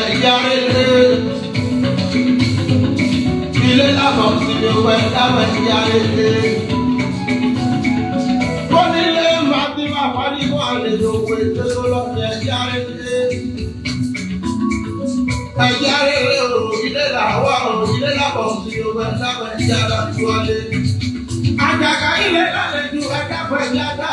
fẹ́ yára lé. Ilé lábọ̀ sí ni wẹ́ dábẹ̀ yára lé. Bọ́nílé máa bí máa parí fún àlejò òwe tó tó lọ́fẹ̀ẹ́ yára lé. Ẹ̀yà rere o, ilé làwọ̀ o, ilé lábọ̀ sí ni wẹ́ dábẹ̀ yára wọlé. Àjàkà ilé lálejò ẹ̀dá fẹ́ yára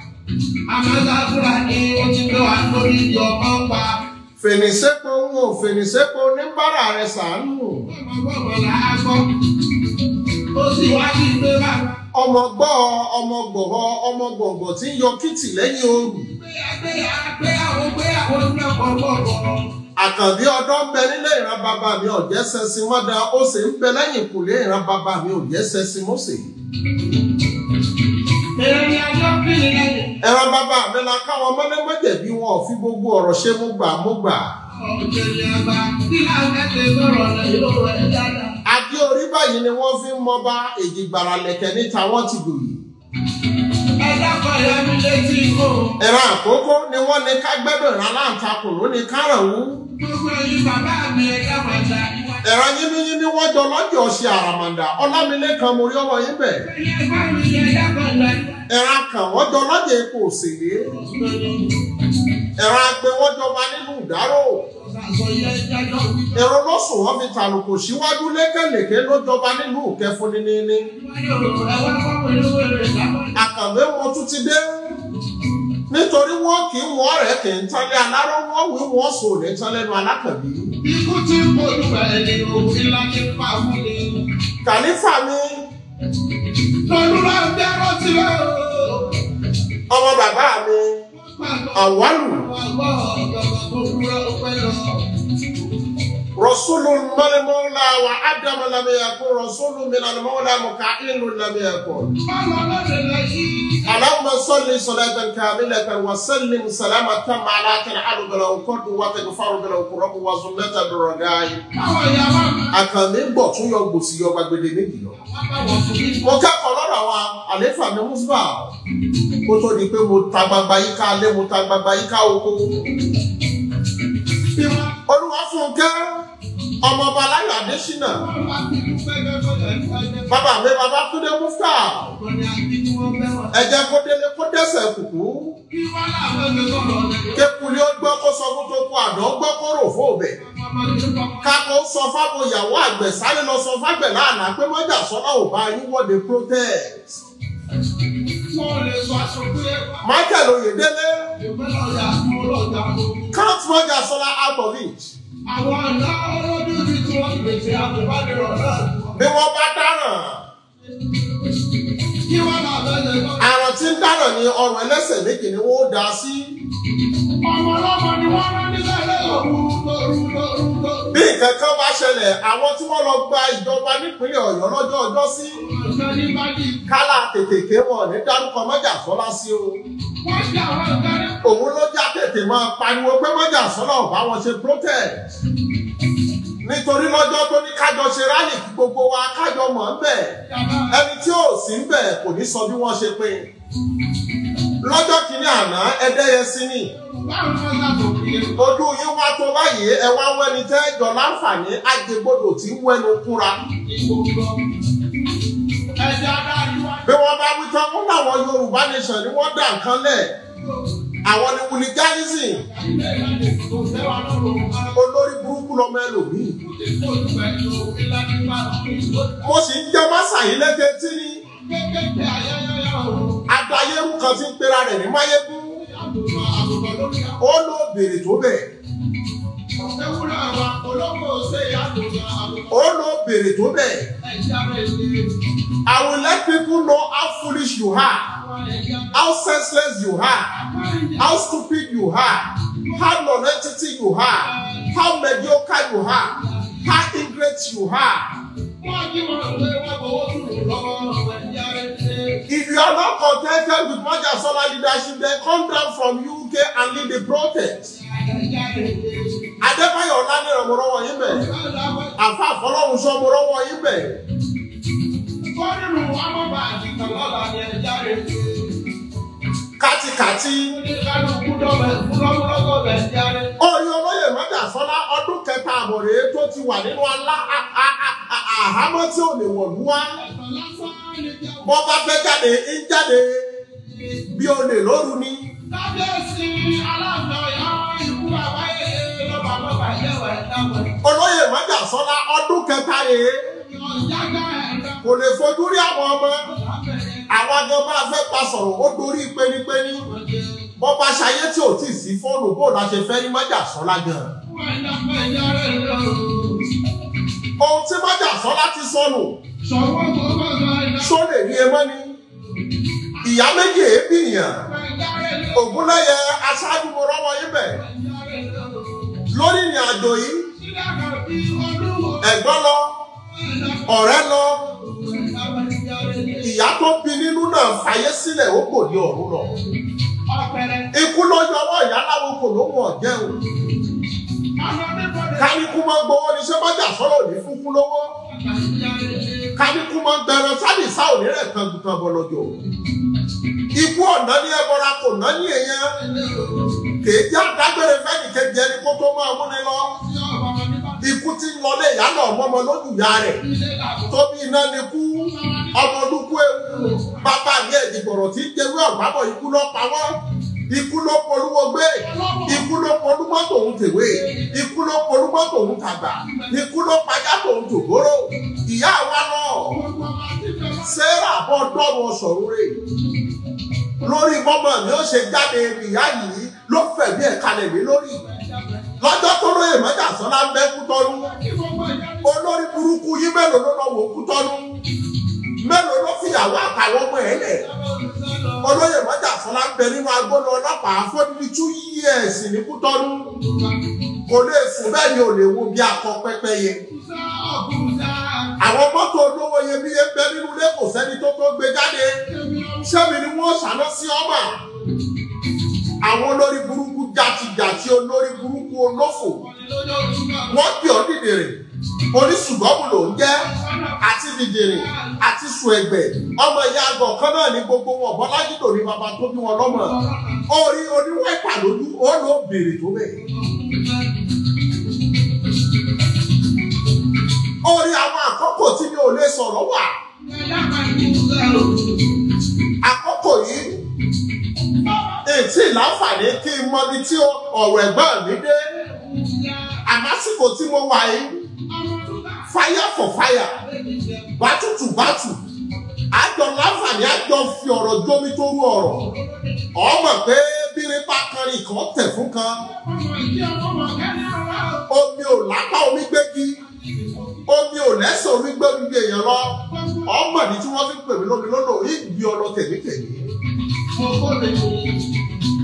Amásásúra ni ó ti gbé wa lórí ibi ọkàn pa. Fèrèsépò ń wò fèrèsépò níbàrà rẹ̀ sàánù. Ọmọ gbọ́dọ̀ là á gbọ́. Ó sì wá sí pé ń yọ kìtì lẹ́yìn ooru. Gbéyàwó gbéyàwó bẹ nílé ìran bàbá mi ọ̀jẹ́ sẹ́sìn wọ́n da ó sì ń bẹ lẹ́yìn kùlé ìran bàbá mi ọ̀jẹ́ sẹ́sìn mọ́sẹ̀. Èrè ni ọjọ́ kìlì lẹ́yìn ẹran bàbá mi la káwọn ọmọdé mọ́jẹ̀bí wọn ò fi gbogbo ọ̀rọ̀ ṣe mo gbà mo gbà. adé orí báyìí ni wọ́n fi ń mọba èjì gbàrà lẹ̀kẹ̀ níta wọ́n ti gòyè. ẹran àkókò ni wọ́n ní ká gbẹ́dọ̀ ìrànlá àtakùn ló ní kárànwú. gbogbo ẹyin bàbá mi ẹ̀dá pàtàkì. ẹ̀rọ yínbíyínbí wọ́n jọ lọ́jọ́ ọ̀sẹ̀ àràmàǹdà kan mo rí ọmọ yín bẹ̀. ẹ̀rọ akàn wọ́n jọ lọ́jọ́ epo òsèlè. ẹ̀rọ wọ́n nínú ìdárò. ẹ̀rọ lọ́sùn wọn fi tàlùkò síwájú nínú wọn tún ti dé nítorí wọn kì í aláró wọn wí Ikú tí ń bolú ẹni òfin láti pa fún ni. Kàlífà ni. Lọ́lúwa ń dẹ́rọ́ sílẹ̀ o. Ọmọ bàbá mi, àwálù. Àwọn ọ̀dọ́ tó dúró pẹ́ lọ rasulu mọ́lẹ́mọ́lá wa ádámù lamẹ́yàkó rasulu mìlánimọ́lá mọ̀ká ìlú lamẹ́yàkó. اللهم صل صلاة كاملة وسلم سلاما تاما على تنعل بلو كرد وتغفر بلو كرب وزنة بالرجاء àkànní bọ̀ tún yọ gbòsì yọ gbàgbèdè méjì lọ. mo kẹ́kọ̀ọ́ lọ́dọ̀ wa àléfà mi mùsùlùmá kó tó di pé mo ta gbangba yìí ká lé mo ta gbangba yìí ká oko. olúwa fún kẹ́ ọmọ ọba aláyọ̀ adésínà bàbá mi bàbá túndé mufta ẹ jẹ́ kó délé kékulé ó kó sọ fún tó kú àná kó rò fún òbẹ kakọ sọ fáwọn ìyàwó àgbẹ̀ sáré lọ sọ fágbẹ lánàá pé mọjà sọlá ò bá yín wọlé protest. Michael Oyedele, Count Mọ́jà Sọlá out of it àwọn àná ọlọ́dún ti tún ìgbésẹ̀ àtúbádé rọ̀ náà. bí wọ́n bá dáràn àrùn tí ń dárò ní ọrùn ẹlẹ́sẹ̀ méjì ni wọ́n dá sí. ọmọ ọlọ́mọ ni wọ́n rán nílẹ̀ lóru lóru lóru lóru. bí nǹkan kan bá ṣẹlẹ̀ àwọn tí wọ́n lọ gba ìjọba nípínlẹ̀ ọ̀yọ́ lọ́jọ́ ọjọ́ sí. kálá tètè ké wọn ní dárúkọ mọ́jà sọ́lá sí o. òun ló já tètè máa pariwo pé mọ́jà sọ́lá ò bá wọn ṣe protest nítorí lọ́jọ́ tó ní kájọ ṣe rálì kí gbogbo wa kájọ mọ̀ ń bẹ̀ ẹni tí ò sí ń bẹ̀ kò ní sọ bí wọ́n ṣe pé lọ́jọ́ kìíní àná ẹdẹ́yẹsí ni ojú yín wá tó báyìí ẹ wá wẹ́ni tẹ́ jọ láǹfààní àjẹgbọ́dọ̀ tí wẹ́nu kúra bí wọ́n bá wí tán wọ́n làwọn Yorùbá nation ni wọ́n dà nǹkan lẹ̀ àwọn ni wùlí gánísì olórí burúkú lọmọ ẹlòmíì mo sì ń jẹ mọ́sà yìí lẹ́tẹ̀ẹ́tì ni adáyéwu kan ti ń pera rẹ̀ ní máyégún ó ló béèrè tó bẹ̀. ó ló béèrè tó bẹ̀. I will let people know how foolish you are, how senseless you are, how stupid you are, how non-entity you are, how mediocre you are. How ingrate you are. If you are not contented with Majasola leadership, then come down from UK and lead the protest. Adébáyọ̀ Ọlánìràn mo rọ́wọ́ yín bẹ̀. Àfa Àfọlọ́hunṣọ́ mo rọ́wọ́ yín bẹ̀. Kọ́nìrù Amọ́bà ààbò rèé tó ti wà nínú àhámọ́ tí ò lè wọ̀lú wá. Bọ́ bá fẹ́ jáde, ń jáde bí olè lóru ni. Kábíyèsí aláàbò yọ ìlú bàbá yẹn lọ́ba lọ́ba yẹ̀ wẹ̀ dáwọ̀. Olóyè Mọ́jà Sọ́lá ọdún kẹta rèé. Kò lè fojú rí àwọn ọmọ. Àwọn agan bá fẹ́ pa sọ̀rọ̀ ó dorí pénipéni. Bọ́ bá ṣayé tí ò tí ì sí fóònù bóòlù àṣefẹ́ ní Mọ́jà Sọ́lá gan-an ohun tí májà sọ láti sọnù sólè ní emọ́ ni ìyá méjì èébì yàn ògúnlẹ́yẹ aṣáájú mo rọ́wọ́ yín bẹ̀ lórí ìrìn àjò yìí ẹ̀gbọ́n lọ ọ̀rẹ́ lọ ìyá tó bí nínú náà fàyè sílẹ̀ ó kò ní ọ̀run lọ ikú lọ́jọ́ ọwọ́ ìyá láwọn kò ló wọ̀ jẹun káríkú máa ń gbowó ní sẹ́bàjà sọ́rọ̀ òní fúnkú lọ́wọ́ káríkú máa ń gbẹran sáàdì sá òní rẹ̀ tàǹtàn bọ̀lọ̀jọ̀ ikú ọ̀nà ní ẹbọra kò ná ní èèyàn kèéjì àdágbére fẹ́ẹ̀nì kejì ẹni kó tó máa múni lọ ikú ti ń lọlé ìyálò ọmọọmọ lójúyà rẹ̀ tóbi iná ni kú ọmọ ewu bàbá mi ẹ̀dìgbọ̀rọ̀ tí ń jẹ́wé ọ̀gbábọ̀ ikú lọ́pàá wọ́n ikú ló polúwọ gbé ikú ló polúmọ tòun tèwé ikú ló polúmọ tòun tàgbà ikú ló pajá tòun tògbóró ìyá wa lọ sarah bọ dọwọ sọ̀rọ̀ rẹ̀ lórí bọmọ mi ó ṣe jáde ìyá yìí ló fẹ̀mí ẹ̀ kalẹ̀ mí lórí lọ́jọ́ tó lóye mọ́jà sọ́lá ń bẹ́ kú olórí burúkú yí mélòó ló lọ wò kú mélòó ló fìyàwó àtàwọn ọmọ ẹ̀ lẹ̀ olóyè mọ́jà fọlá ń bẹ nínú agbóná ọlọ́pàá fọ́dúnbí tú yíẹ̀sì ní kútọ́nù kò lè fún bẹ́ẹ̀ ni ò lè wo bí akọ pẹ́pẹ́ yẹ àwọn mọ́tò olówó iyebíye ń bẹ nínú ilé kò sẹ́ni tó tó gbé jáde ṣé ni wọ́n ṣàlọ́ sí ọmọ àwọn olórí burúkú jàtijàti olórí burúkú olófò wọ́n pè ọ́ dìdèrè oníṣùgbọ́mù ló ń jẹ́ àti dìdèrè àti sùẹ̀gbẹ̀ ọmọ ìyá àgbọ̀n kan náà ní gbogbo wọn bọ́lájú tó ní bàbá tó bí wọn lọ́mọ orí oníwọ̀ ìpàlódú ó ló béèrè tó bẹ̀. orí àwọn àkókò tí mi ò lè sọ̀rọ̀ wà àkókò yìí tí láǹfààní kí n mọbi tí ọ̀rọ̀ ẹ̀gbọ́n mi dé àmásìkò tí mo wà yìí fire for fire battle to battle àjọ láǹfààní àjọ fi ọ̀rọ̀ jómi tó rú ọ̀rọ̀ ọmọ pé bírin bá kan rìn kan tẹ̀ fún kan omi ò lápá omi gbégi omi ò lẹ́sẹ̀ omi gbẹ́rù bí èèyàn lọ ọmọ ní tí wọ́n fi pè mí lómi lọ́nà ìgbì ọ̀nà tèmítèmí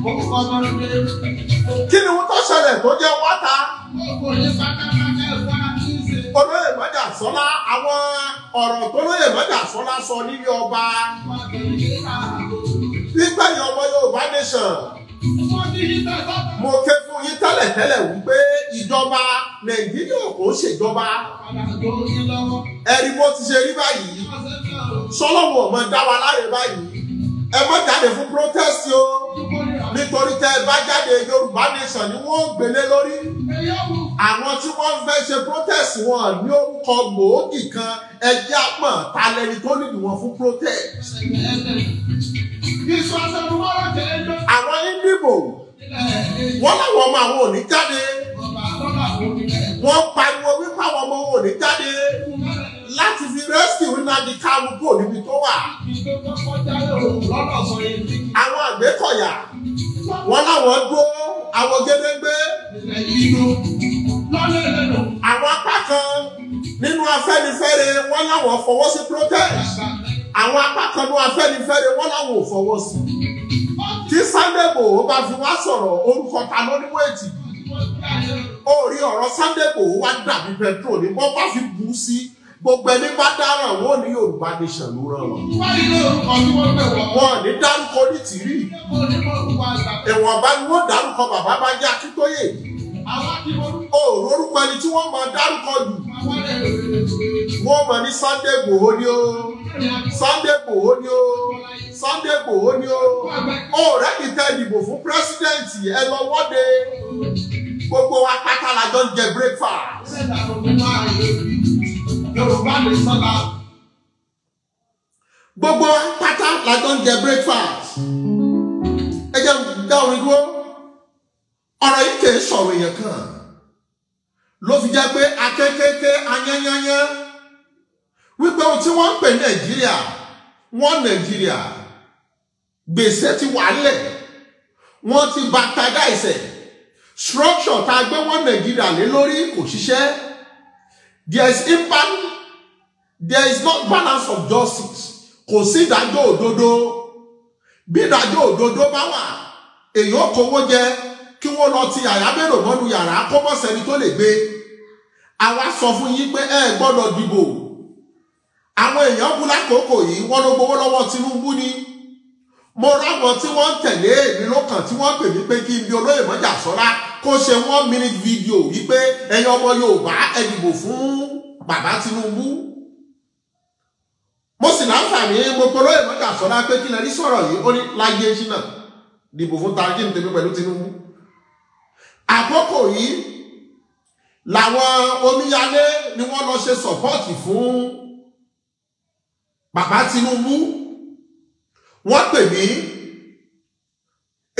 kí ni wọ́n tó ṣẹlẹ̀ tó jẹ́ wáta. olóyè mọ́jà sọ́lá àwọn ọ̀rọ̀ tó lóyè mọ́jà sọ́lá sọ nílé ọba nígbẹ̀yìn ọmọ Yorùbá nation mo ké fún yín tẹ́lẹ̀tẹ́lẹ̀ wípé ìjọba Nàìjíríà kò ṣèjọba ẹ̀rí mo ti ṣe rí báyìí sọ́lọ́mù ọ̀mọ dá láre báyìí ẹ má jáde fún protest o nítorí tẹ ẹ bá jáde yorùbá nation ni wọn ò gbélé lórí àwọn tí wọn fẹ́ ṣe protest wọn ní orúkọ gbòógì kan ẹjẹ àpọn ta lẹni tó nìdí wọn fún protest. àwọn indibo wọn làwọn ọmọ àwọn ò ní jáde wọn pariwo wípé àwọn ọmọ wọn ò jáde di kálukú níbi tó wà. àwọn àgbékọ̀yà wọn láwọn dó àwọn gédégbé. àwọn apá kan nínú afẹ́nifẹ́re wọn láwọn fọwọ́ sí protest àwọn apá kan nínú afẹ́nifẹ́re wọn láwọn ò fọwọ́ sí. tí Sunday Igboho bá fi wá sọ̀rọ̀ orúkọ ta ló ní wéètì. ó rí ọ̀rọ̀ Sunday Igboho wá dàbí pẹ̀tró ní bọ́ bá fi bù ú sí gbogbo ẹni bá dáràn wọn ní yorùbá nation ló ràn wọn. wọ́n ní orúkọ tí wọ́n pè wọ́n. wọ́n ní dárúkọ ní tìrí. ìwọ̀nba ni wọ́n dárúkọ bàbá bá yá akíntóyè. òòrùn orúkọ ẹni tí wọ́n máa dárúkọ jù. wọ́n máa ní Sunday Igboho ni o Sunday Igboho ni o Sunday Igboho ni o. òòrẹ́ kìí tẹ́ ìdìbò fún pírẹ́sídẹ̀ǹtì ẹ lọ wọ́de gbogbo wa pátá la jọ ń jẹ breakfast yorùbá lè sọ́la. gbogbo pátá la jọ ń jẹ breakfast ẹ jẹ́ dá orin dúró ọ̀rọ̀ yìí kì í sọ̀rọ̀ èèyàn kan ló fi jẹ́ pé akékèké ayányányán wípé ohun tí wọ́n ń pè nàìjíríà wọ́n nàìjíríà gbèsè ti wà lẹ̀ wọ́n ti bàtàdá ìsẹ̀ structure tá a gbé wọ́n nàìjíríà lé lórí kò ṣiṣẹ́ there is impact there is not balance of justice kò sí ìdájọ́ òdodo bí ìdájọ́ òdodo bá wà èèyàn kówó jẹ kí wọ́n lọ ti àyábẹ̀rò mọ́nu yàrá kó mọ́ sẹ́ni tó lè gbé àwa sọ fún yín pé ẹ gbọ́dọ̀ dìbò àwọn èèyàn bú lákòókò yìí wọ́n ló gbowó lọ́wọ́ Tinubu ni mo ráwọn tí wọ́n ń tẹ̀lé èmi lọ́kàn tí wọ́n pè mí pé kí n bí olóyè mọ́jà sọ́lá kó ṣe one minute video wípé ẹ̀yin ọmọ yorùbá ẹ dìbò fún bàbá tinubu mo sì láǹfààní mo pe olóyè mọ́jà sọ́lá pé kí n rí sọ̀rọ̀ yìí ó ní láyé ṣínà dìbò fún tají ní tèmi pẹ̀lú tinubu àkókò yìí làwọn omíyalé ni wọ́n lọ ṣe sọ̀pọ́ọ̀tì fún bàbá tinubu wọ́n pè mí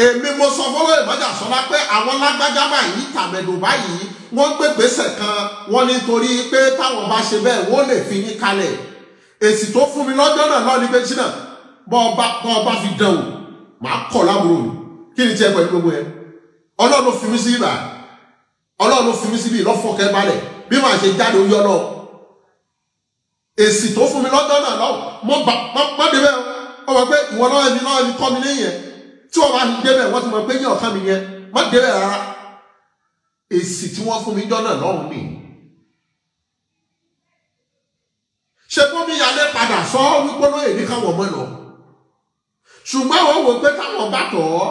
èmi mo sọ fọlọ́ ìbájà sọlá pé àwọn lágbájá báyìí tàbẹ̀dù báyìí wọ́n gbé gbèsè kan wọ́n nítorí pé táwọn bá ṣe bẹ́ẹ̀ wọ́n lè fi yín kalẹ̀ èsì tó fún mi lọ́jọ́ náà lọ́ọ́ ní méjì náà bọ́ ọba bọ́ ọba fi dán o màá kọ̀ lábúrò mi kí ni tiẹ̀ pẹ̀lú gbogbo yẹn ọlọ́run fi mí sí ibà ọlọ́run fi mí síbi ìlọ́fọ̀kẹ́ balẹ̀ bí màá ṣe jáde oyún ọlọ́ọ̀ èsì tó fún mi lọ́jọ́ náà lọ́wọ́ mọ́ bá mọ́ débẹ̀ o wọ́n mọ̀ pé ìwọ náà ẹni náà ẹni kọ́ mi lẹ́yìn ẹ̀ tí wọ́n bá ti débẹ̀ wọ́n ti mọ̀ pé yín ọ̀kan mi yẹn má débẹ̀ rárá èsì tí wọ́n fún mi jọ́ náà lọ́hùn mi. ṣé bómi yalẹ́ padà sọ wípé náà èmi káwọn ọmọ lọ ṣùgbọ́n àwọn wò pé táwọn bá tọ̀ ọ́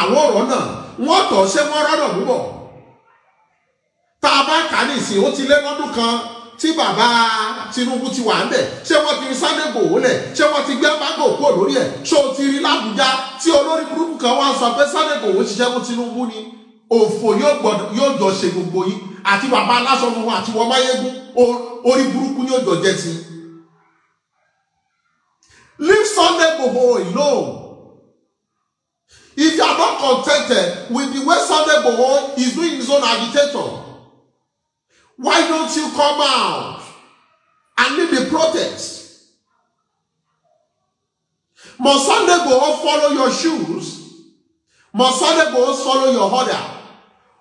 àwọn ọ̀rọ̀ náà wọ́n tọ̀ ṣé wọ́n rọ́nà púpọ̀ tá a bá kà á nìsín ó ti lé lọ́dún kan tí bàbá Tinubu ti wà ń bẹ̀ ṣé wọ́n ti rí Sunday Igboho lẹ̀ ṣé wọ́n ti gbé Abágò kúrò lórí ẹ̀ ṣé ti rí l'Àbújá tí olórí burúkú kan wá sọ pé Sunday Igboho ṣiṣẹ́ fún Tinubu ni òfò yóò jọ ṣe gbogbo yìí àti bàbá aláṣọ funfun àti wọn máyégún orí burúkú yóò jọ jẹ ti. Leave Sunday Igboho alone. If you are not contented with the way Sunday Igboho is doing his own agitator Why don't you come out and lead the protest? Must Sunday go follow your shoes? Must Sunday go follow your order?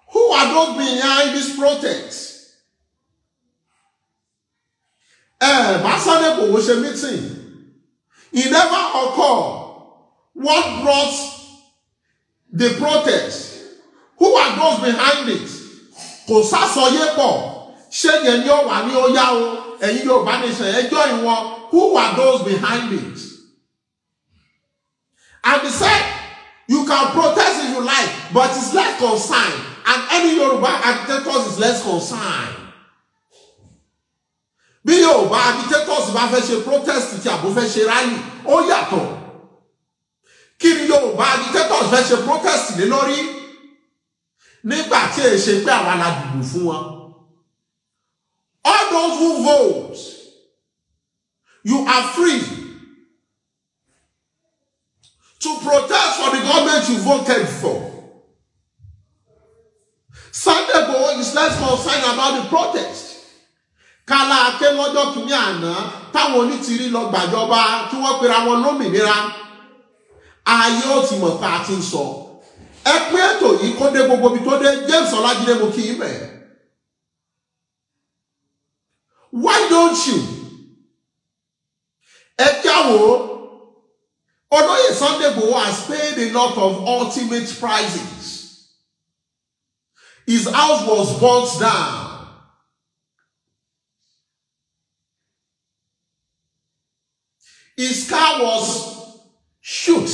Who are those behind this protest? Eh, Masade Bowo ṣe meeting. It never occurred. What brought the protest? Who are those behind it? Kò sásọyé pọ̀ ṣé yẹn ni ó wà ní ó yá o ẹ̀yin Yorùbá nation ẹ join wọn who are those behind it and he said you can protest if you like but it's less concern and any Yorùbá agitators is less concern bí Yorùbá agitators bá fẹ́ ṣe protest tí àbò fẹ́ ṣe rally ó yàtọ̀ kí ni Yorùbá agitators fẹ́ ṣe protest lé lórí nígbà tí èsè pé àwa la dìbò fún wọn. All those who vote, you are free to protest for the government you voted for. Sunday boy is less concerned about the protest. Kálá Aké lọ́jọ́ kìíní àná táwọn onítìrí lọ gbàjọba tí wọ́n pera wọn lómìnira. Ayé ó ti mọ̀ a ti ń sọ. Ẹ pín ètò yìí kó dé gbogbo ibi tó dé James Ọlájídé mo kí í bẹ̀rẹ̀ why don't you ẹ jáwó olóyè Sunday Igboho has paid a lot of ultimate prices his house was burnt down his car was shoot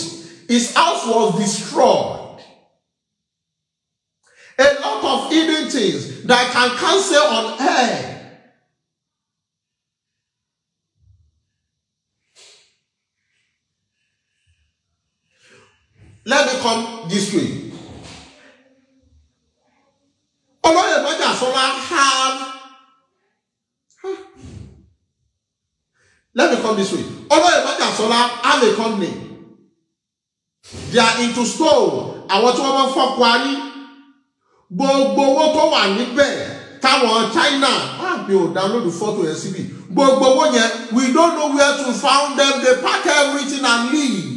his house was destroyed a lot of hidden things that can cancel on earth let me come this way. Olóyè Mọ́jà Sọlá have let me come this way. Olóyè Mọ́jà Sọlá have a company. They are into stone. Àwọn tí wọ́n máa ń fọ́ kwari. Gbogbo owó tó wà níbẹ̀ táwọn China àbí ah, ò download fọ́tò yẹn síbi. Gbogbo owó yẹn we don't know where to found them they pack everything and leave.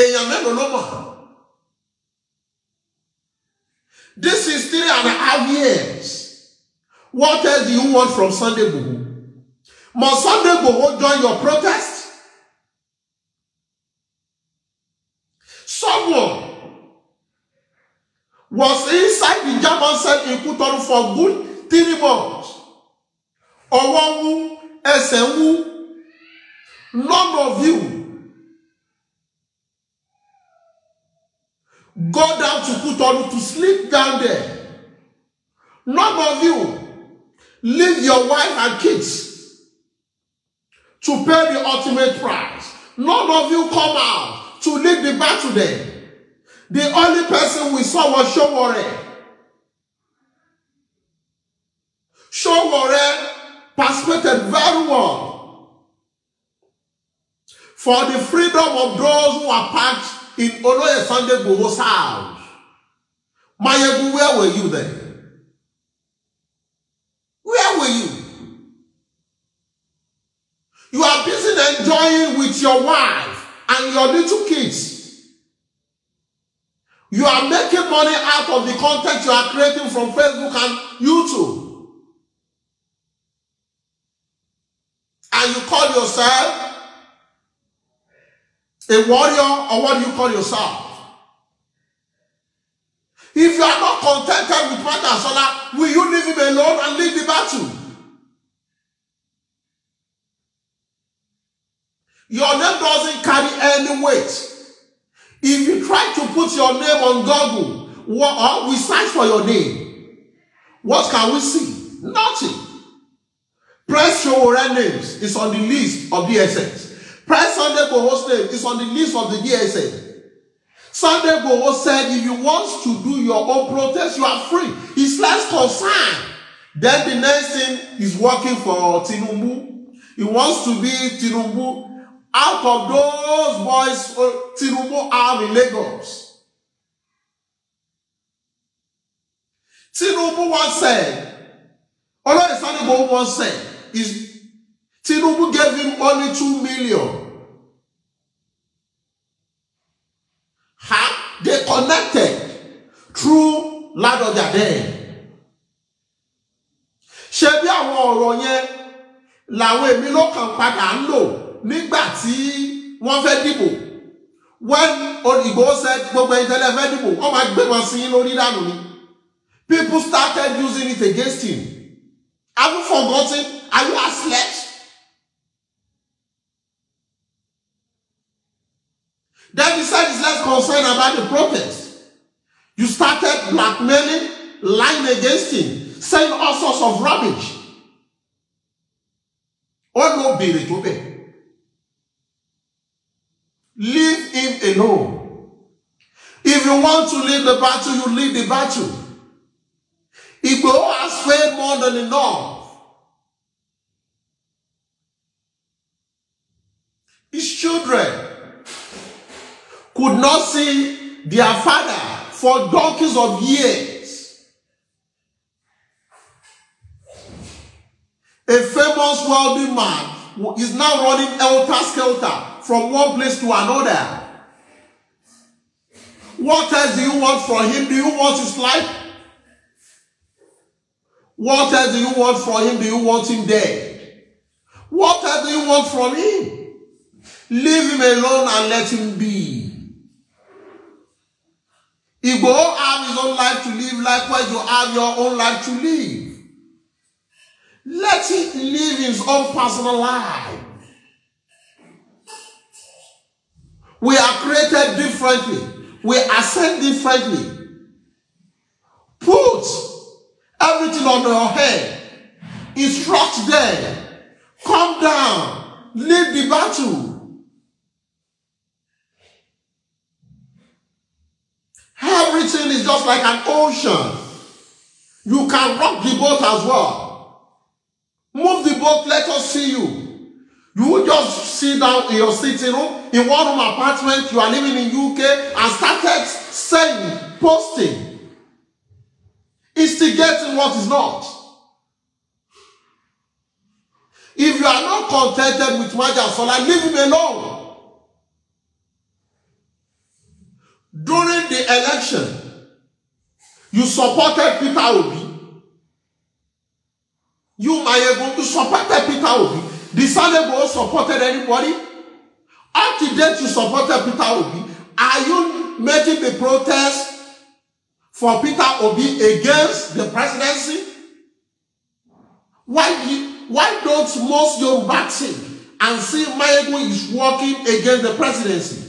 èèyàn mélòó ló mọ̀ this is three and a half years what else do you want from Sunday Igboho must Sunday Igboho join your protest someone was inside the German cell in Kutonu for good three months ọwọ́ wú ẹsẹ̀ wú none of you Go down to put on to sleep down there. None of you leave your wife and kids to pay the ultimate price. None of you come out to lead the battle there. The only person we saw was Shomore Showore participated very well for the freedom of those who are packed in onoye Sunday Igboho's house Mayegun where were you then where were you you are busy enjoying with your wife and your little kids you are making money out of the content you are creating from Facebook and YouTube and you call yourself A warrior, or what you call yourself? If you are not contented with Mata Sola, will you leave him alone and lead the battle? Your name doesn't carry any weight. If you try to put your name on Google, what, are uh, we search for your name, what can we see? Nothing. Press your names is on the list of the essence. Pride Sunday Boho slave is on the list of the DSA. Sunday Boho said, if you want to do your own protest, you are free. It's less concern. Then the next thing is working for Tinubu. He wants to be Tinubu. Out of those boys, uh, Tinubu are in Lagos. Tinubu once said, although Sunday Boho once said, is Tinubu gave him only two million. Ha? they connected through Ladoja there. Ṣé bí àwọn ọ̀rọ̀ yẹn làwọn èmi lọ́kàn padà ń lò nígbà tí wọ́n fẹ́ dìbò? When Odigbo said gbogbo ìtẹ́lẹ̀ fẹ́ dìbò, wọ́n máa gbé wọn sí lórí dànù ni. People started using it against him. Have you forgotten? Are you asleep? Then he said "He's less concerned about the prophets. You started blackmailing, lying against him, saying all sorts of rubbish. All tó bẹ̀. Leave him alone. If you want to leave the battle, you leave the battle. Igboho has failed more than enough. His children could not see their father for donkeys of years. A famous wealthy man is now running elter skelter from one place to another. What else do you want from him? Do you want his life? What else do you want from him? Do you want him dead? What else do you want from him? Leave him alone and let him be. Igboho have his own life to live, likewise, you have your own life to live. Let him live his own personal life. We are created differently, we ascend differently. Put everything on your head, instruct them, come down, lead the battle. Everything is just like an ocean. You can rock the boat as well. Move the boat, let us see you. You will just sit down in your sitting room, in one room apartment, you are living in UK, and started saying, posting, instigating what is not. If you are not contented with Majasola, leave him alone. during the election you supported Peter Obi you Mayegun you supported Peter Obi the Sanebo supported anybody up to date you supported Peter Obi are you making the protest for Peter Obi against the presidency why you why don't most Yoruba think and see Mayegun is working against the presidency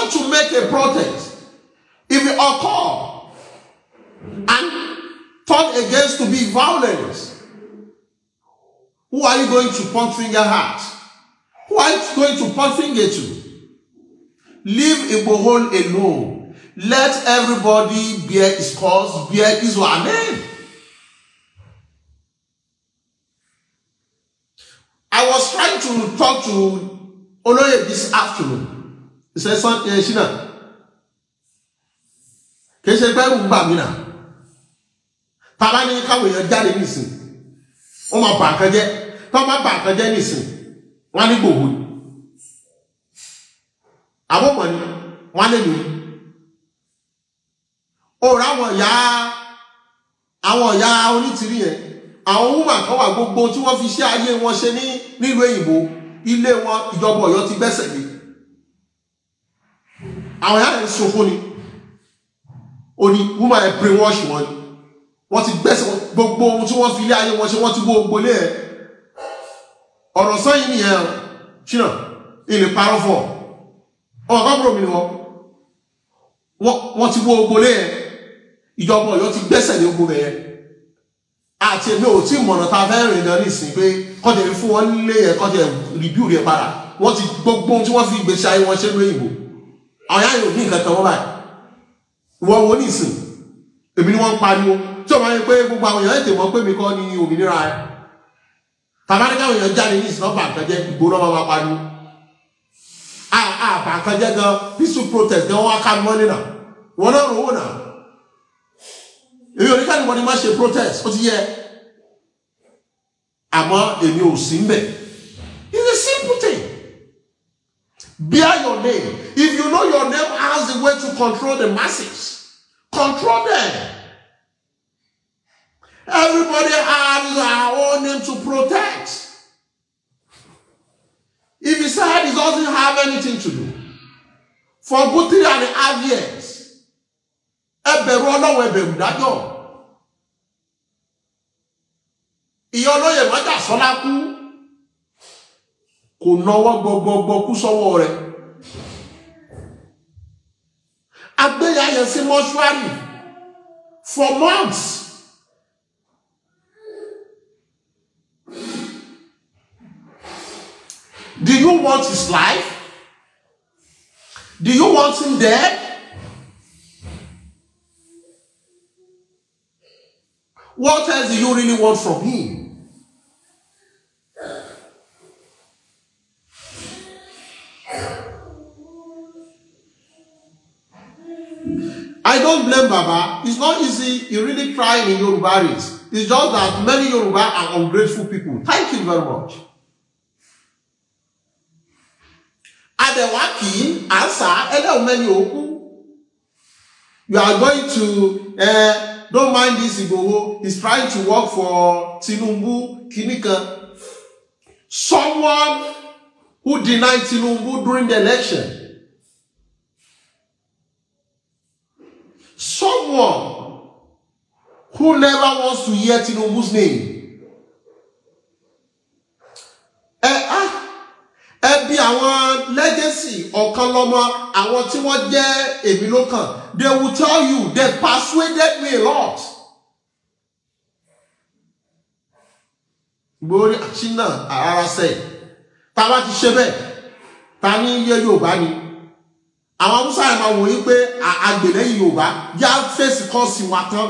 want to make a protest, if you occur and turn against to be violent, who are you going to point finger at? Who are you going to point finger to? Leave Igbohol alone. Let everybody bear his cause, bear his own name. I was trying to talk to Oloye this afternoon ṣe sàn ẹ ṣìnà kì í ṣe pé ń gbà mí nà tàbá ní káwọn èèyàn jáde nìsín wọn máa bà kan jẹ tó máa bà kan jẹ nìsín wọn á ní gbòòwò àwọn ọmọ ni wọn á lè lò ó rà wọn yá àwọn ọ̀yà onítìrí yẹn àwọn wúmà kan wà gbogbo tí wọ́n fi ṣe ayé wọn ṣe ní nílùú èyìnbó ilé wọn ìjọba Ọ̀yọ́ ti gbẹ́sẹ̀ lé àwọn ìyá rẹ̀ ń sunkún ni ó ní woman ẹ̀ brain wash wọn ni wọ́n ti gbẹ́sẹ̀ gbogbo ohun tí wọ́n fi ilé ayé wọn ṣe wọ́n ti gbogbo lé ẹ̀ ọ̀rọ̀ sọ́yìn nìyẹn ṣìnà ilé parọ́ fọ̀ ọmọ kọ́kọ́rọ́ mi ni wọ́n wọ́n ti gbogbo lé ẹ̀ ìjọba Ọ̀yọ́ ti gbẹ́sẹ̀ lé ogun rẹ̀ àti èmi ò tí mọ̀nà ta fẹ́ rìn náà nísìnyí pé kọ́jà fún wọn lé ẹ̀ kọ́jà rìbíù rẹ̀ para wọ́n ti gbogbo ohun tí wọ́n fi ìgbésí ayé wọn ṣe lóyìnbó àwọn yáà yóò ní nǹkan kan wọ́n báyìí wọ́n wo ní ìsìn èmi ni wọ́n ń pariwo tí o máa ń pé gbogbo àwọn èèyàn ètè mọ́ pé mi kọ́ ni òmìnira ẹ̀ tàbá ní káwọn èèyàn jáde ní ìsìnlọ́pàá àkànjẹ́ ìgbóná máa pariwo àbà àkànjẹ́ gan peaceful protest gan wọ́n á ká mọ́ nínà wọ́n náà rówó nà èmi ò ní káni wọ́n ni má ṣe protest ó ti yẹ àmọ́ èmi ò sí mbẹ̀ it's a simple Bear your name. If you know your name has the way to control the masses, control them. Everybody has our own name to protect. If he said he doesn't have anything to do, for good three and a half years, a ẹbẹ̀rù ọlọ́wọ́ ẹbẹ̀rù dájọ́. Ìyá olóyè mọ́jà sọ́lá kú kò náwó gbogbogbò kú sọ́wọ́ rẹ̀ agbéyà yẹn sí mọ́ṣúárì for months do you want his life do you want him dead what else do you really want from him. I don't blame Baba. It's not easy. He really tried in Yoruba race. It's just that many Yoruba are ungrateful people. Thank you very much. Adewaki, Asa, í àṣà ẹlẹ́wọ̀n mẹ́ni You are going to uh, don't mind this Igboho. He's trying to work for Tinubu Kinika. Someone who denied Tinubu during the election Someone who never wants to hear Tinubu's name. Ẹ á ẹ bí àwọn legacy or lọ́mọ àwọn tí wọ́n what èmi ló kàn. They will tell you they persuaded me a lot. Gbórí àṣínà àrárá sẹ́yìn. Tá a bá ti ṣe bẹ́ẹ̀, ta ní iye Yorùbá ni àwọn haúsá yẹn máa wòye pé àgbèlè yorùbá yá fèsì kọ́ọ̀sì wa tán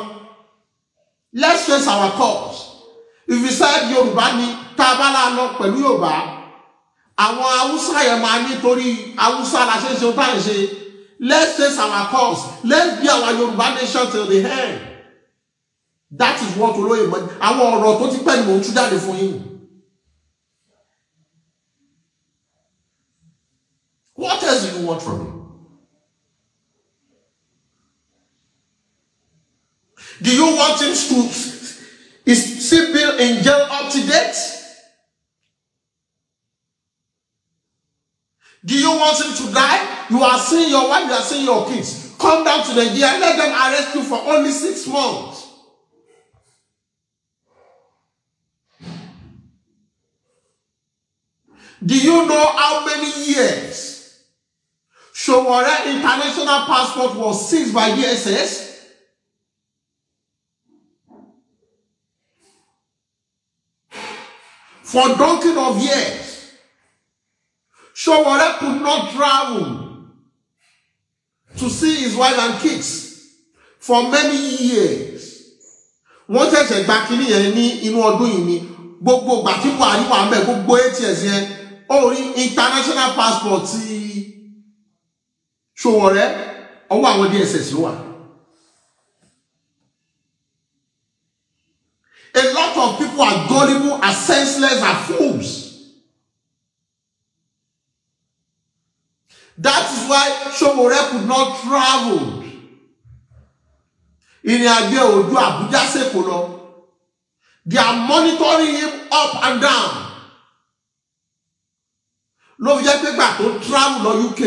let's face our cause if you say yorùbá ni tá a bá la lọ pẹ̀lú yorùbá àwọn haúsá yẹn máa nítorí haúsá la ṣe ń ṣe ó ṣe let's face our cause let's be our yorùbá nation till the end that is what olóyè mọ àwọn ọ̀rọ̀ tó ti pẹ́ ni mò ń tú jáde fún yín. what else do you want from me. Do you want him to is Sibyl in jail up to date? Do you want him to die? You are seeing your wife, you are seeing your kids. Come down to the jail. let them arrest you for only six months. Do you know how many years Shomore international passport was seized by the DSS? for donkey of years. Showore could not travel to see his wife and kids for many years. Wọ́n ṣẹ̀ṣẹ̀ gba kínní yẹn ní inú ọdún yìí ni gbogbo ìgbà tí Buhari wà mẹ́ gbogbo ATS yẹn ó rí international passport ti Showore ọwọ́ àwọn DSS ló wà. A lot of people are gullible, are senseless, are fools. That is why Shomore could not travel. Ìrìn àgbẹ̀ òjò Àbújá ṣèkò lọ. They are monitoring him up and down. Ló fi jẹ́ pé gbà tó travel lọ UK,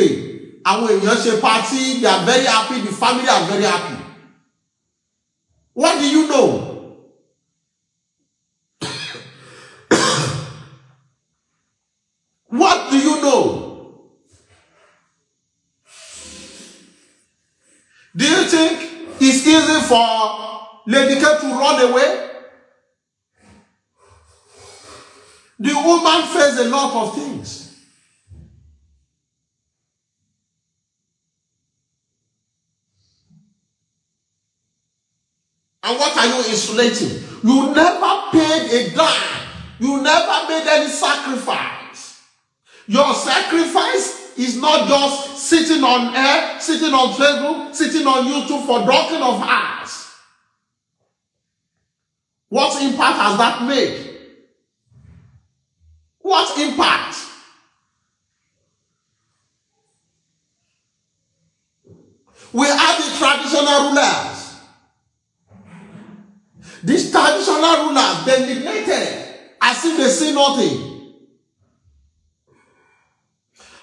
àwọn èèyàn ṣe party, they are very happy, the family are very happy. What do you know? for Lady K to run away. The woman faced a lot of things. And what are you insulating? You never paid a dime. You never made any sacrifice. Your sacrifice is not just sitting on air, sitting on table, sitting on YouTube for broken of her. What impact has that made? What impact? We have the traditional rulers. These traditional rulers, they neglected as if they see nothing.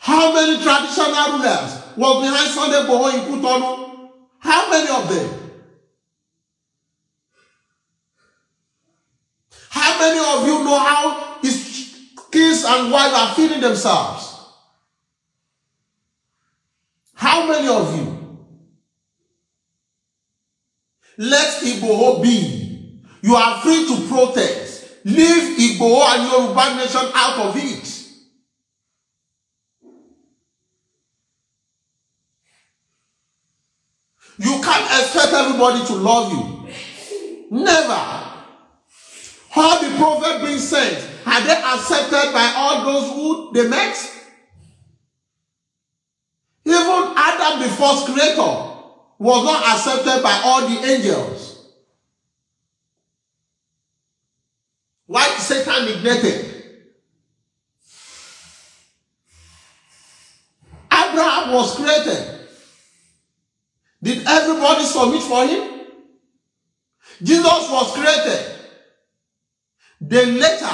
How many traditional rulers was behind Sunday Boho in Kutonu? How many of them? many of you know how his kids and wife are feeding themselves? How many of you? Let Igboho be. You are free to protest. Leave Igboho and your urban nation out of it. You can't expect everybody to love you. Never. How the prophet being sent? Are they accepted by all those who they met? Even Adam, the first creator, was not accepted by all the angels. Why is Satan neglected? Abraham was created. Did everybody submit for him? Jesus was created. Then later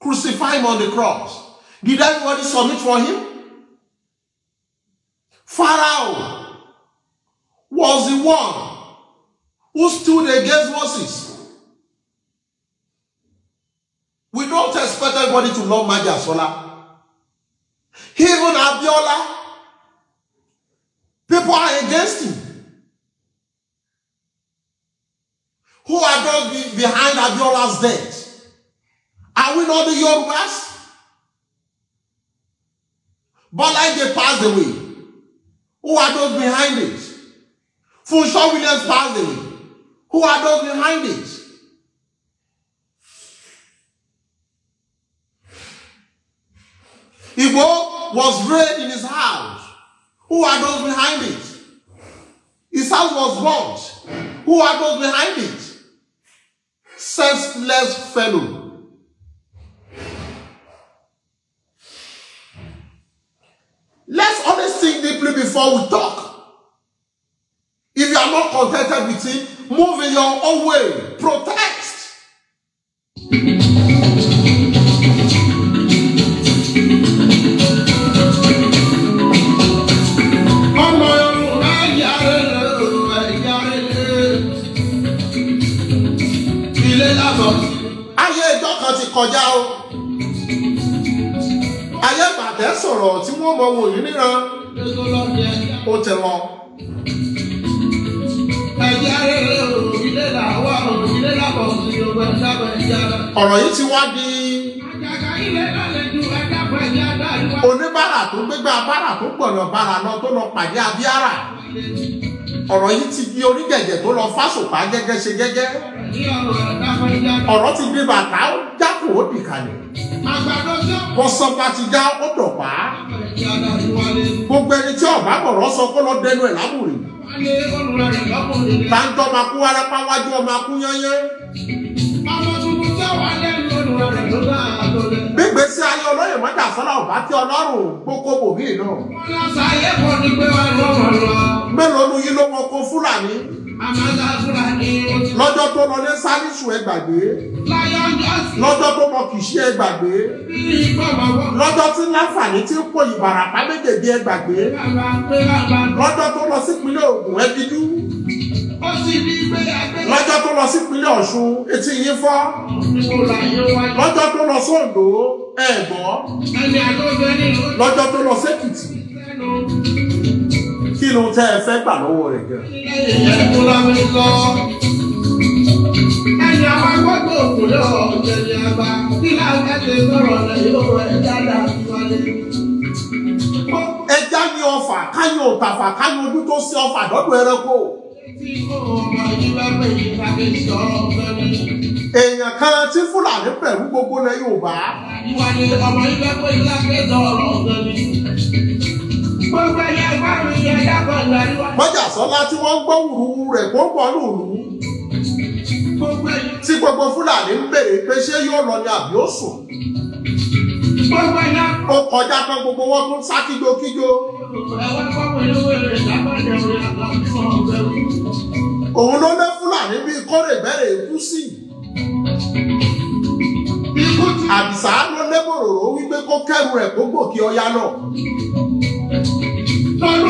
crucify him on the cross. Did everybody submit for him? Pharaoh was the one who stood against Moses. We don't expect everybody to love Maja Sola. Even Abiola, people are against him. who are just be behind Abiola's death. Are we not the Yorubas? But like they passed away. Who are those behind it? Funshaw Williams passed away. Who are those behind it? Igbo was raised in his house. Who are those behind it? His house was burnt. Who are those behind it? senseless fellow. Let's always think deeply before we talk. If you are not contented with it, move in your own way. Protect. wọ́n mọ̀ wò yín níran ó ti lọ. ọ̀rọ̀ yìí ti wá di oníbàárà tó gbégbá bàárà tó gbọ̀nà bàárà lọ tó lọ pàdé abíárà ọ̀rọ̀ yìí ti di onígẹ̀gẹ̀ tó lọ fásopá gẹ́gẹ́ ṣe gẹ́gẹ́ ọ̀rọ̀ ti gbé bàtà ó jákò ó dì kalẹ̀. bọ́sọ̀pá ti já ó dọ̀pá. gbogbo ẹni tí ọ̀bá bọ̀rọ̀ sọ kó lọ dẹnu ẹ̀ lábùrì. táńtọ́ máa kú arápá wájú ọmọ akú yányán. gbígbé sí ayé olóyè mọ́jà sọ́lá ọ̀bá tí ọlọ́run gbókó bòmí náà. mélòó nu yín ló mọ ko fúlàní lọ́jọ́ tó lọ ní sáríṣù ẹ gbàgbé lọ́jọ́ tó mọ kìsí ẹ gbàgbé lọ́jọ́ tí láǹfààní tí ń kó ìbàràpá méjèèjì ẹ gbàgbé lọ́jọ́ tó lọ sípínlẹ̀ Ògùn ẹ dídú lọ́jọ́ tó lọ sípínlẹ̀ Ọ̀ṣun etí yín fọ́ lọ́jọ́ tó lọ sóńdó ẹ̀ gbọ́ lọ́jọ́ tó lọ sékìtì kí ló tẹ́ ẹ fẹ́ gbà lọ́wọ́ rẹ̀ gan. ẹ̀yà wa gbọ́dọ̀ òkúlẹ̀ ọ̀jẹ̀ ni a bá kí láǹkà ṣe sọ̀rọ̀ rẹ̀ yóò rẹ̀ dáadáa wálé. ẹja ni ọfà káyọ̀ òtàfà káyọ̀ ojú tó sí ọfà dọ́dọ̀ ẹranko. èèyàn kan tí fúlàní pẹ̀lú gbogbo lẹ Yorùbá. ìwà ni ọmọ yìí bá pé ìlàkẹ́jọ ọ̀rọ̀ ọ̀gbẹ́ni gbogbo ẹyẹ gbọ́rùn yẹ dábọ̀ lọ́yọ́. mọ́jà sọ́lá tí wọ́n gbọ́ wùrúwú rẹ̀ wọ́n gbọ́ lùrù. tí gbogbo fúlàní ń béèrè pé ṣé yóò lọ ni àbí ó sùn. gbogbo ẹyẹ. ó kọjá tán gbogbo wọn tún sá kíjokíjo. òun ló lé fúlàní bíi kórè bẹ́rẹ̀ ikú sí àdìsá ló lé bòròrò wípé kó kẹrù rẹ̀ kó gòkè ọya náà ẹnu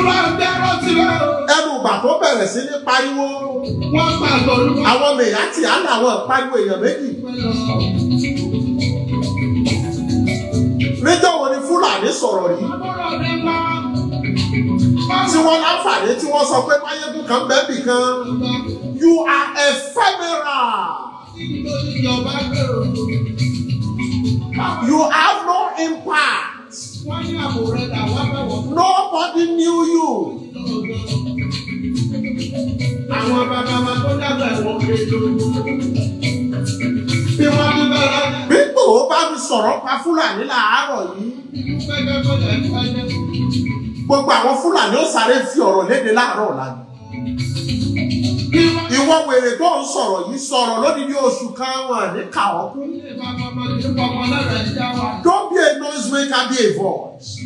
ìgbà tó bẹ̀rẹ̀ sí ní pariwo àwọn mẹ̀yà tí á làwọn pariwo èèyàn méjì. níjọ́ wo ni Fúlàní sọ̀rọ̀ yìí tí wọ́n láǹfààní tí wọ́n sọ pé máyégún kan bẹ́ẹ̀bì kan you are ephemeral. you have no impact. Nobody knew you. Àwọn bàbá wa tó dàgbà wọ́n ké lóko. Bí wọ́n ti bẹ̀rẹ̀. Bí kò bá mi sọ̀rọ̀ pa Fúlàní làárọ̀ yìí. Gbogbo àwọn Fúlàní ó sáré fi ọ̀rọ̀ léde láàárọ̀ lánàá. Ìwọ wèrè tó ń sọ̀rọ̀ yìí sọ̀rọ̀ lódìdí oṣù kan wọn ní kàwọ́ Don't be a Noise maker be a voice.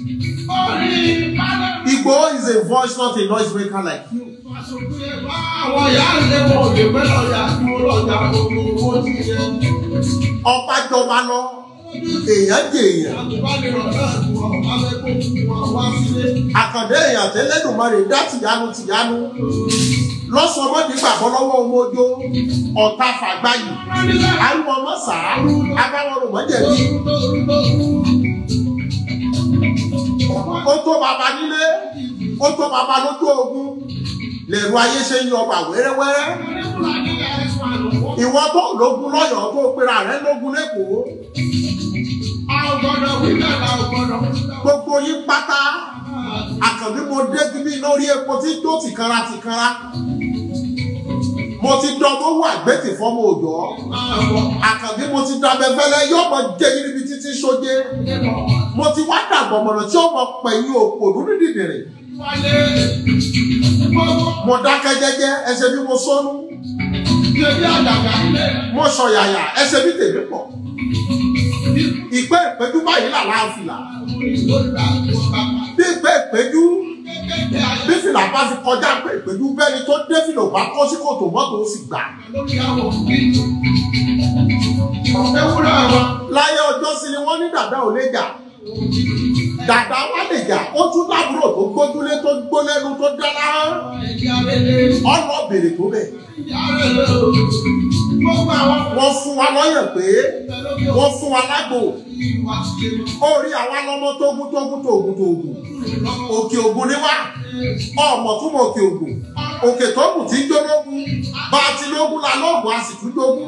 Igbo is a voice, not a noise maker like you. Ọba jọba lọ, èèyàn jèèyàn. Àkàndé èèyàn tẹ́lẹ̀dùnmọ́rè dá tìyanu tìyanu. Lọ́sọ̀mọ́dé gbàgbọ́ lọ́wọ́ ọmọdé ọ̀tá fàgbáyì. Àrùn ọmọ sàá, abáwọn ọmọ jẹ̀bi ó tó bàbá nílé ó tó bàbá lójú ogun lẹ̀rù ayé ṣe ń yọba wẹ́rẹ́wẹ́rẹ́ ìwọ tó lógun lọ́yọ̀ọ́ tó pera rẹ lógun lẹ́kọ̀ọ́ gbogbo yín pátá àkànbí mo dé bíbí lórí epo tí tó tìkanra tìkanra mo ti dán owó àgbẹ̀tì fọ́mọ òjọ́ àkànbí mo ti dán abẹ́fẹ́lẹ́ yọ̀bọ̀ jẹ́ yín níbi títí sóde mo ti wá dàgbọ̀ mọ̀rọ̀ tí ó mọ pẹ̀yìn òpònú nídìdìrì mo dákẹ́ jẹ́jẹ́ ẹsẹ̀ bí mo sọnù mo sọ̀yàyà ẹsẹ̀ bí tèmi pọ̀ ìpẹ́ ìpẹ́jú báyìí làwọn àfìlà bí ìpẹ́ ìpẹ́jú nísìn làbá fi kọjá pé ìpèjú bẹ́ni tó david ò bá kọ́ sí kòtò mọ́tò ó sì gbà. láyé ọjọ́ sí ni wọ́n ní dàda ò lè jà dàda wá lè jà ó tún lábúrò tó gbójúlé tó gbólẹ́nu tó dáná ọ̀nà bèrè tó bẹ̀ wọ́n fún wa lọ́yàn pé wọ́n fún wa lágbo orí àwa lọ́mọ tógún tógún tógún tógún òkè ògùn ni wá ọmọ túmọ̀ òkè ògùn òkè tógùn tí ń jólógún bá a ti lógún la lóògùn a sì tún lógún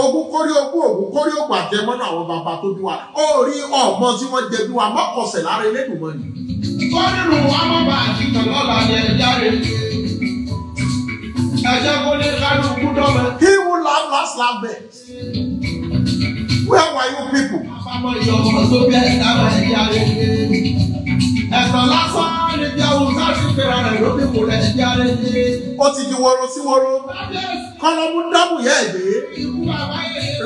ogún kórí ogún ògùn kórí ògùn àjẹmọ́nà àwọn bàbá tó bí wa orí ọmọ tí wọ́n jẹ bí wa mọ́kọ̀ọ́sẹ̀ lára ẹlẹ́dùnmọ́ ni. ìkọ́nìrún wa má lọ́la ni ẹ He who laugh last laugh best. Where were you people? Àpapọ̀ ti di woro sí woro. Kọ́lọ́mù dábù yẹ ẹ̀dẹ́.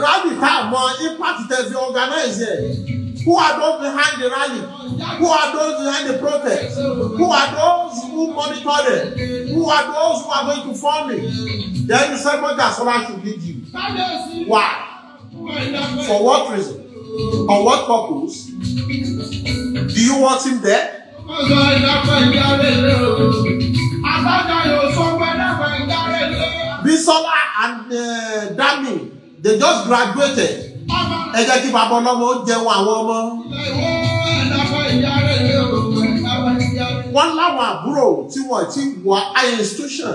Rally tá mọ impact tẹ̀ organize ẹ̀. Who are those behind the rally? Who are those behind the protest? Who are those who monitor them? Who are those who are going to form it? Mm. Then you said, well, that's what I lead you. Why? For what reason? On what purpose? Do you want him there? Bisola and uh, Dami, they just graduated. Ẹ jẹ́ kí bàbá jẹun àwọn ọmọ. wọ́n láwọn àbúrò tí wọ́n ti wọ high institution.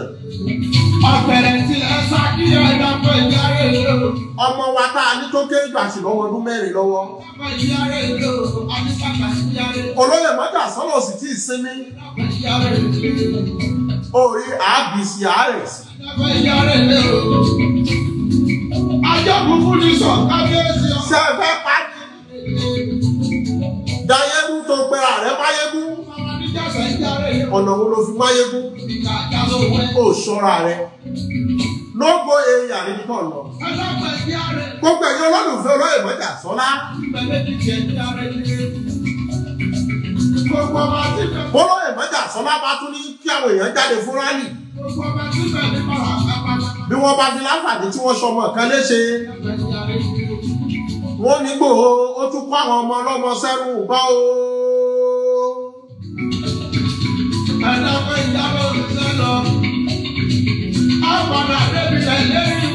ọ̀pẹ̀rẹ̀ tí ẹ sá kí ẹ dábọ̀ ìyá rẹ̀ lò. ọmọ wa tá a ní tó kéré gbà sí lọ́wọ́ ọdún mẹ́rin lọ́wọ́. dábọ̀ ìyá rẹ̀ lò adúgbàgbà sí ìyá rẹ̀. olóyè mọ́tà sọ́nà sì ti sinmi. dábọ̀ ìyá rẹ̀ lò. orí àbísí àárẹ̀. dábọ̀ ìyá rẹ̀ lò. ajá funfun ni sọ kábíyèsí ọ. ṣé ẹ fẹ́ pa á? tó pera rẹ̀ báyégún ọ̀nà wo ló fi máyégún kó ṣọ́ra rẹ lógo èèyàn rí pọ̀ lọ. gbogbo ẹ̀yin olólùfẹ́ olóyè mọ́jà sọ́lá. olóyè mọ́jà sọ́lá bá tún ní kí àwọn èèyàn jáde fún rálì. bí wọ́n bá fi láǹfààní tí wọ́n sọmọ kan léṣe wọ́n ní gbòó ó tún kó àwọn ọmọ ọlọ́mọ sẹ́rù bá o. àdàpọ̀ ìjábọ̀ òṣìṣẹ́ lọ. àpàdà débìtẹ̀ lẹ́yìn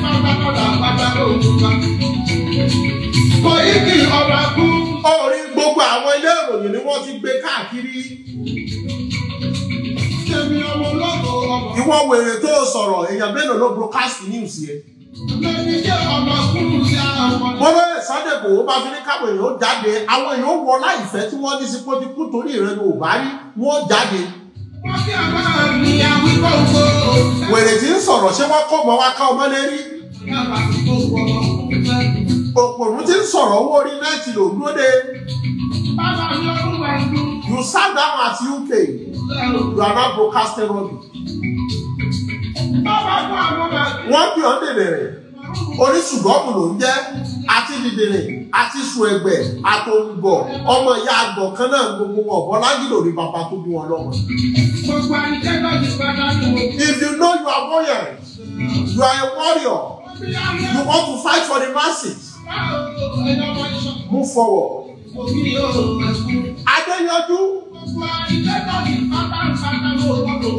orí gbogbo àwọn ilé ìròyìn ni wọ́n ti gbé káàkiri. tèmi ọmọ olóko ọmọ. ìwọ wèrè tó sọ̀rọ̀ èèyàn mélòó ló broadcast news yẹn bọ́lá ìsádẹ̀ kò wọ́n bá fi ní káwọn èèyàn jáde àwọn èèyàn wọ láìfẹ́ tí wọ́n ní sí pọ́tíkù torí ìrẹ́nu ò bá rí wọ́n jáde wèrè tí ń sọ̀rọ̀ ṣé wọ́n kọ́ ọmọ wá ká ọmọ lérí. òpònú tí ń sọ̀rọ̀ owó orí náà ti lò dúró you sat down at UK you are now broadcasting on me. wọ́n bí ọ́ dèbè rẹ̀ oníṣùgbọ́mù ló ń jẹ́ àti dìdìrì àti sùn ẹgbẹ́ àtòǹgọ̀ ọmọ ìyá àgbọ̀ kan náà gbogbo ọ̀bọ lágìlò rí bàbá tó bí wọn lọ́wọ́. If you know you are warrior you are a warrior you want to fight for the masses move forward. Adéyanjú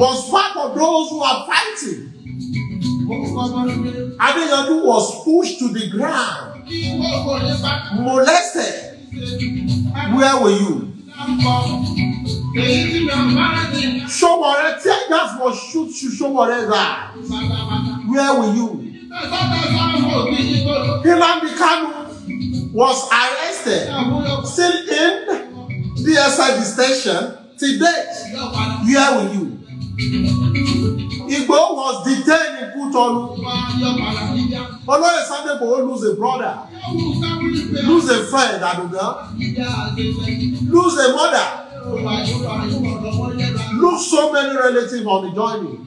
was part of those who are fighting. Adeyanju was pushed to the ground, molested. Where were you? Sowore tears was shoot to Sowore's eye. Where were you? Nnamdi Bikanu was arrested, still in DSI station Today, Where were you? Igbo was detained in Kutolu. Olóyè Sunday Igboho lose a brother, lose a friend Adugan, lose a mother. Lose so many relatives on the journey.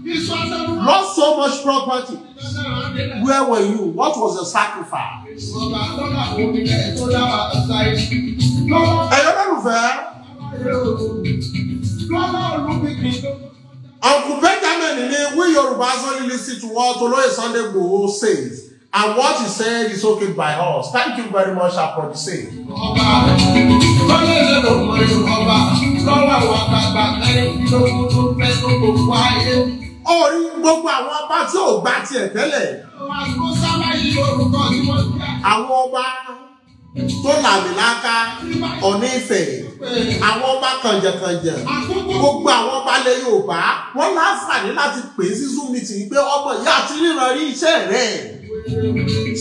Lost so much property. Where were you? What was the sacrifice? Ẹ̀yọ́ lẹ́nu fẹ́. Uncle Benjamin in a way Yoruba only listen to what the Toloye Sunday Igboho says. And what he said is okay by us. Thank you very much, Apodise. Orí gbogbo àwọn ọba tí ò gbà tiẹ̀ tẹ́lẹ̀. Àwọn ọba tó làmì láká ọ̀nà ìfẹ̀ àwọn ọba kànjẹ̀kànjẹ̀ gbogbo àwọn ọba ilẹ̀ yorùbá wọ́n láǹfààní láti pè sí zoom meeting pé ọmọ ìyá àti ríran rí iṣẹ́ rẹ̀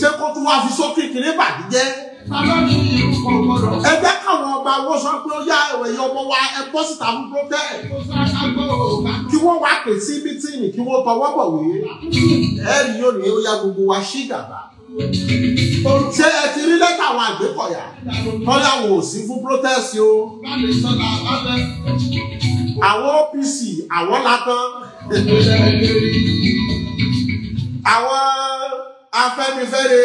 ṣé kó tún wá fi sókè kiri bàdíjẹ́ ẹgbẹ́ káwọn ọba wọ́n sọ pé ó yá ẹ̀yẹ ọmọ wa ẹ bọ́ síta fún protẹ́ kí wọ́n wá pè sí mítìnì kí wọ́n tọwọ́ bọ̀wé ẹ̀rí yóò ní ó yá gbogbo wa ṣí gàba ṣé ẹ ti rí lẹ́tà àwọn àgbékọ̀yà tọ́lá wò sí fún protest o àwọn OPC àwọn látàn àwọn afẹ́nifẹ́re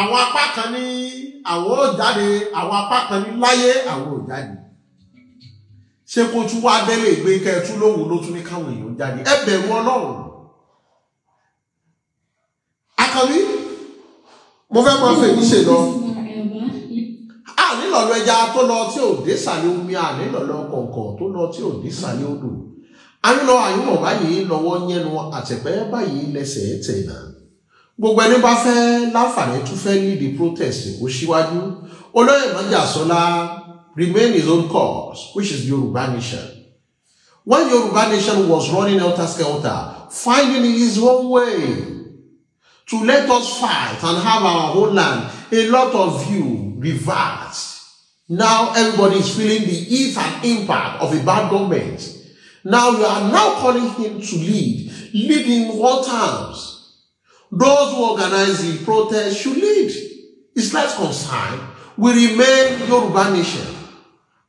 àwọn apá kan ní àwọn ò jáde àwọn apá kan ní láyé àwọn ò jáde ṣé kó tún wá bẹ́lẹ̀ ìgbé kẹ́ẹ̀tún lóhùn ló tún ní káwọn èèyàn jáde ẹ bẹ̀rù ọlọ́run akọ̀wé mo fẹ́ máa fẹ́ yín ṣe lọ ànílọ̀lọ́ ẹja tó lọ tí ò dé sàlẹ̀ omi ànílọ̀lọ́ kọ̀ọ̀kan tó lọ tí ò dé sàlẹ̀ odò ànílọ àyùmọ̀ báyìí lọ́wọ́ yẹnu àtẹ̀pẹ́ báyìí lẹ́sẹ̀ tẹ̀ náà gbogbo ẹni bá fẹ́ láǹfààní tún fẹ́ lead protest ó ṣíwájú olóyè mọ́jà sọlá remain his own course which is Yorùbá nation when Yorùbá nation was running helter skelter finding his own way to let us fight and have our own land. A lot of you reversed. Now everybody is feeling the heat and impact of a bad government. Now you are now calling him to lead. Lead in what terms? Those who organize the protest should lead. It's less concern. We remain Yoruba nation.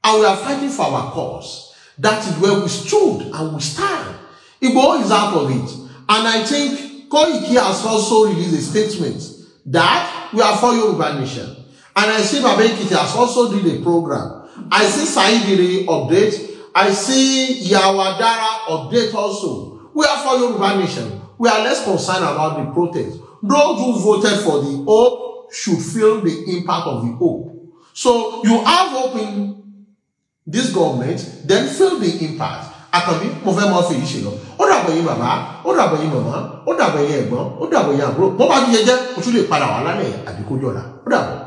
And we are fighting for our cause. That is where we stood and we stand. Igbo is out of it. And I think Koiki has also released a statement that we are for Yoruba Nation. And I see Babekiti has also did a program. I see Saidiri update. I see Yawadara update also. We are for Yoruba Nation. We are less concerned about the protest. Those who voted for the hope should feel the impact of the hope. So you have hope in this government, then feel the impact àkànbí mo fẹ́ mọ fèyí ṣe lọ ó dàbọ̀ yín bàbá ó dàbọ̀ yín màmá ó dàbọ̀ yín ẹ̀gbọ́n ó dàbọ̀ yín àbúrò bọ́ bá ti jẹjẹ o tún lè padà wà lálẹ́ àbíkójọ́ra ó dàbọ̀.